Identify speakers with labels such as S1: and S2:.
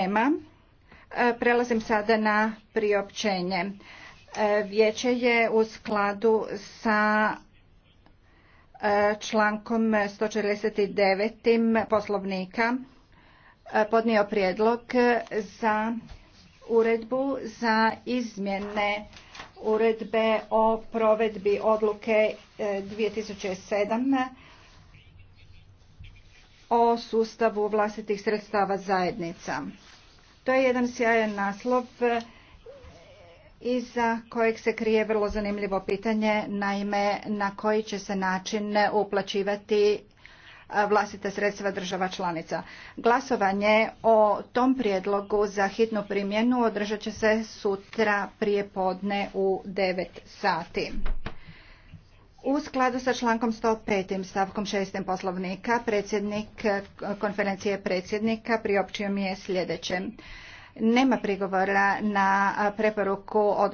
S1: Nema. E, prelazim sada na priopćenje. E, vijeće je u skladu sa e, člankom 149. poslovnika podnio prijedlog za uredbu za izmjene uredbe o provedbi odluke 2007 o sustavu vlastitih sredstava zajednica. To je jedan sjajan naslov e, iza kojeg se krije vrlo zanimljivo pitanje, naime na koji će se način uplaćivati e, vlastita sredstva država članica. Glasovanje o tom prijedlogu za hitnu primjenu održat će se sutra prije podne u 9 sati. U skladu sa člankom 105. stavkom 6. poslovnika, predsjednik e, konferencije predsjednika priopćio mi je sljedeće. Nema prigovora na preporuku odbora